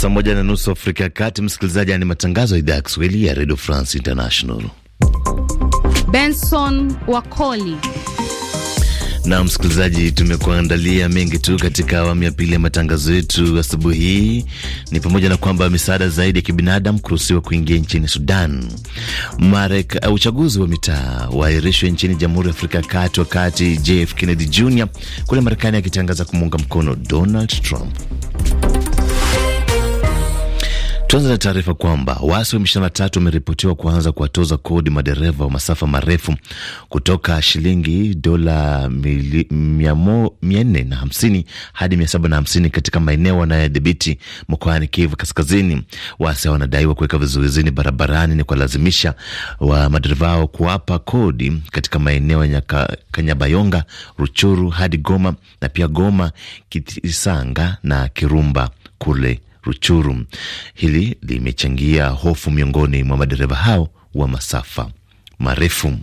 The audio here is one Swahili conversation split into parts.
Saa moja na nusu Afrika ya Kati, msikilizaji, ni matangazo ya idhaa ya Kiswahili ya Redio France International. Benson Wakoli na msikilizaji, tumekuandalia mengi tu katika awamu ya pili ya matangazo yetu asubuhi hii, ni pamoja na kwamba misaada zaidi ya kibinadamu kuruhusiwa kuingia nchini Sudan. Marek, uh, uchaguzi wa mitaa waahirishwe nchini Jamhuri ya Afrika ya Kati, wakati JF Kennedy Jr kule Marekani akitangaza kumuunga mkono Donald Trump. Tuanze na taarifa kwamba waasi wa M23 wameripotiwa kuanza kuwatoza kodi madereva wa masafa marefu kutoka shilingi dola 450 hadi 750 katika maeneo wanayodhibiti mkoani Kivu Kaskazini. Waasi hao wanadaiwa kuweka vizuizini barabarani ni kuwalazimisha wa madereva hao kuwapa kodi katika maeneo ya Kanyabayonga, Ruchuru hadi Goma na pia Goma, Kisanga na Kirumba kule Ruchuru. Hili limechangia hofu miongoni mwa madereva hao wa masafa marefu.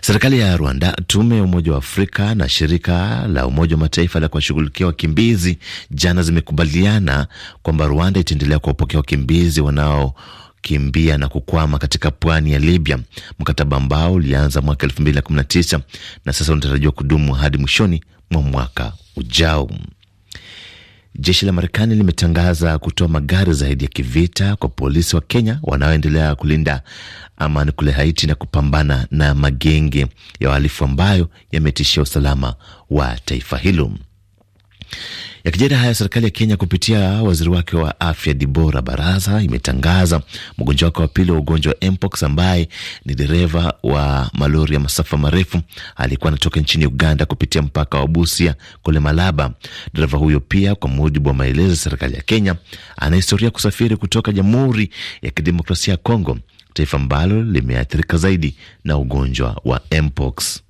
Serikali ya Rwanda, tume ya Umoja wa Afrika na shirika la Umoja wa Mataifa la kuwashughulikia wakimbizi jana zimekubaliana kwamba Rwanda itaendelea kuwapokea wakimbizi wanao kimbia na kukwama katika pwani ya Libya, mkataba ambao ulianza mwaka tisa na sasa unatarajiwa kudumu hadi mwishoni mwa mwaka ujao. Jeshi la Marekani limetangaza kutoa magari zaidi ya kivita kwa polisi wa Kenya wanaoendelea kulinda amani kule Haiti na kupambana na magenge ya wahalifu ambayo yametishia usalama wa taifa hilo. Yakijiri haya, serikali ya Kenya kupitia waziri wake wa afya Dibora Barasa imetangaza mgonjwa wake wa pili wa ugonjwa wa mpox ambaye ni dereva wa malori ya masafa marefu alikuwa anatoka nchini Uganda kupitia mpaka wa Busia kule Malaba. Dereva huyo pia, kwa mujibu wa maelezo ya serikali ya Kenya, ana historia kusafiri kutoka Jamhuri ya Kidemokrasia ya Kongo, taifa ambalo limeathirika zaidi na ugonjwa wa mpox.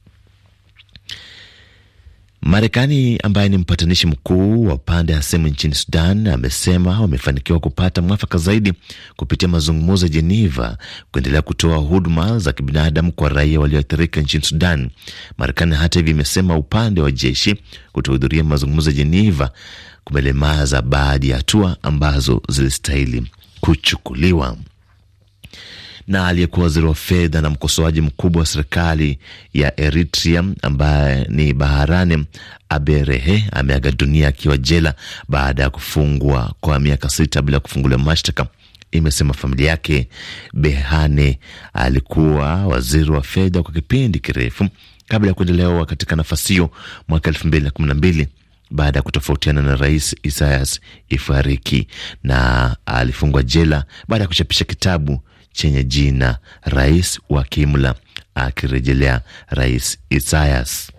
Marekani ambaye ni mpatanishi mkuu wa upande hasimu nchini Sudan amesema wamefanikiwa kupata mwafaka zaidi kupitia mazungumzo ya Jeneva kuendelea kutoa huduma za kibinadamu kwa raia walioathirika nchini Sudan. Marekani hata hivyo imesema upande wa jeshi kutohudhuria mazungumzo ya Jeneva kumelemaza baadhi ya hatua ambazo zilistahili kuchukuliwa na aliyekuwa waziri wa fedha na mkosoaji mkubwa wa serikali ya Eritrea ambaye ni Baharani Aberehe ameaga dunia akiwa jela baada ya kufungwa kwa miaka sita bila kufunguliwa mashtaka, imesema familia yake. Behane alikuwa waziri wa fedha kwa kipindi kirefu kabla ya kuendelewa katika nafasi hiyo mwaka elfu mbili na kumi na mbili baada ya kutofautiana na Rais Isayas Ifariki, na alifungwa jela baada ya kuchapisha kitabu chenye jina rais wa kimla, akirejelea Rais Isayas.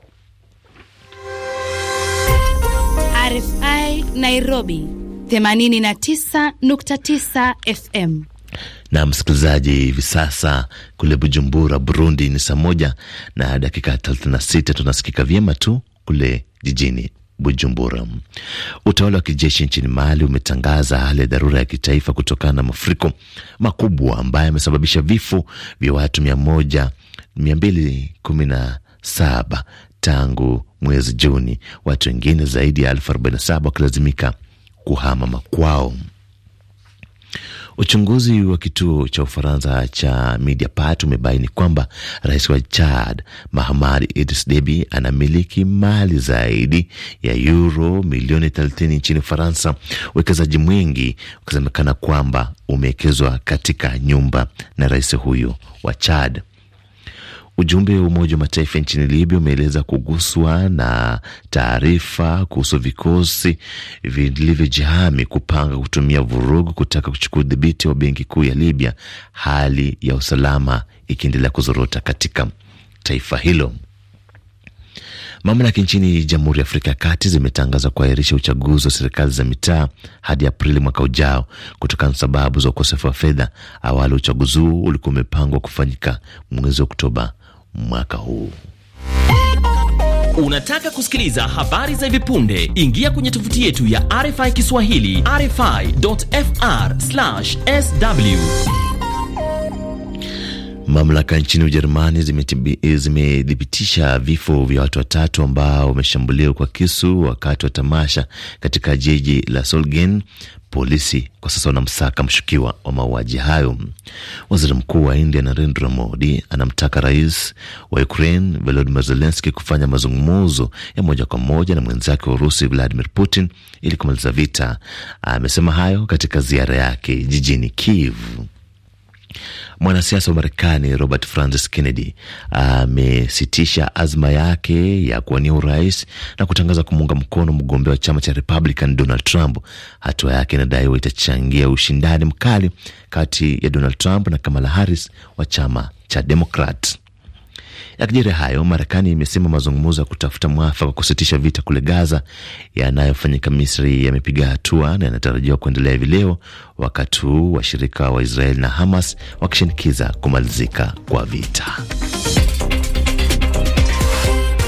RFI Nairobi 89.9 FM na msikilizaji, hivi sasa kule Bujumbura, Burundi ni saa moja na dakika 36. Tunasikika vyema tu kule jijini Bujumbura. Utawala wa kijeshi nchini Mali umetangaza hali ya dharura ya kitaifa kutokana na mafuriko makubwa ambayo yamesababisha vifo vya watu mia moja mia mbili kumi na saba tangu mwezi Juni, watu wengine zaidi ya elfu arobaini na saba wakilazimika kuhama makwao. Uchunguzi wa kituo cha Ufaransa cha Mediapart umebaini kwamba rais wa Chad Mahamad Idris Deby anamiliki mali zaidi ya euro milioni 30 nchini Ufaransa. Uwekezaji mwingi ukisemekana kwamba umewekezwa katika nyumba na rais huyo wa Chad. Ujumbe wa Umoja wa Mataifa nchini Libya umeeleza kuguswa na taarifa kuhusu vikosi vilivyojihami kupanga kutumia vurugu kutaka kuchukua udhibiti wa benki kuu ya Libya, hali ya usalama ikiendelea kuzorota katika taifa hilo. Mamlaka nchini Jamhuri ya Afrika ya Kati zimetangaza kuahirisha uchaguzi wa serikali za mitaa hadi Aprili mwaka ujao kutokana na sababu za ukosefu wa fedha. Awali uchaguzi huu ulikuwa umepangwa kufanyika mwezi Oktoba mwaka huu. Unataka kusikiliza habari za hivi punde? Ingia kwenye tovuti yetu ya RFI Kiswahili, rfi.fr/sw. Mamlaka nchini Ujerumani zimethibitisha vifo vya watu watatu ambao wameshambuliwa kwa kisu wakati wa tamasha katika jiji la Solgen Polisi kwa sasa wanamsaka mshukiwa wa mauaji hayo. Waziri Mkuu wa India Narendra Modi anamtaka rais wa Ukraine Volodymyr Zelensky kufanya mazungumzo ya moja kwa moja na mwenzake wa Urusi Vladimir Putin ili kumaliza vita. Amesema hayo katika ziara yake jijini Kiev. Mwanasiasa wa Marekani Robert Francis Kennedy amesitisha azma yake ya kuwania urais na kutangaza kumuunga mkono mgombea wa chama cha Republican Donald Trump. Hatua yake inadaiwa itachangia ushindani mkali kati ya Donald Trump na Kamala Harris wa chama cha Demokrat. Yakijiri hayo, Marekani imesema mazungumzo ya kutafuta mwafaka wa kusitisha vita kule Gaza yanayofanyika Misri yamepiga hatua na yanatarajiwa kuendelea hivi leo, wakati huu washirika wa Israeli na Hamas wakishinikiza kumalizika kwa vita.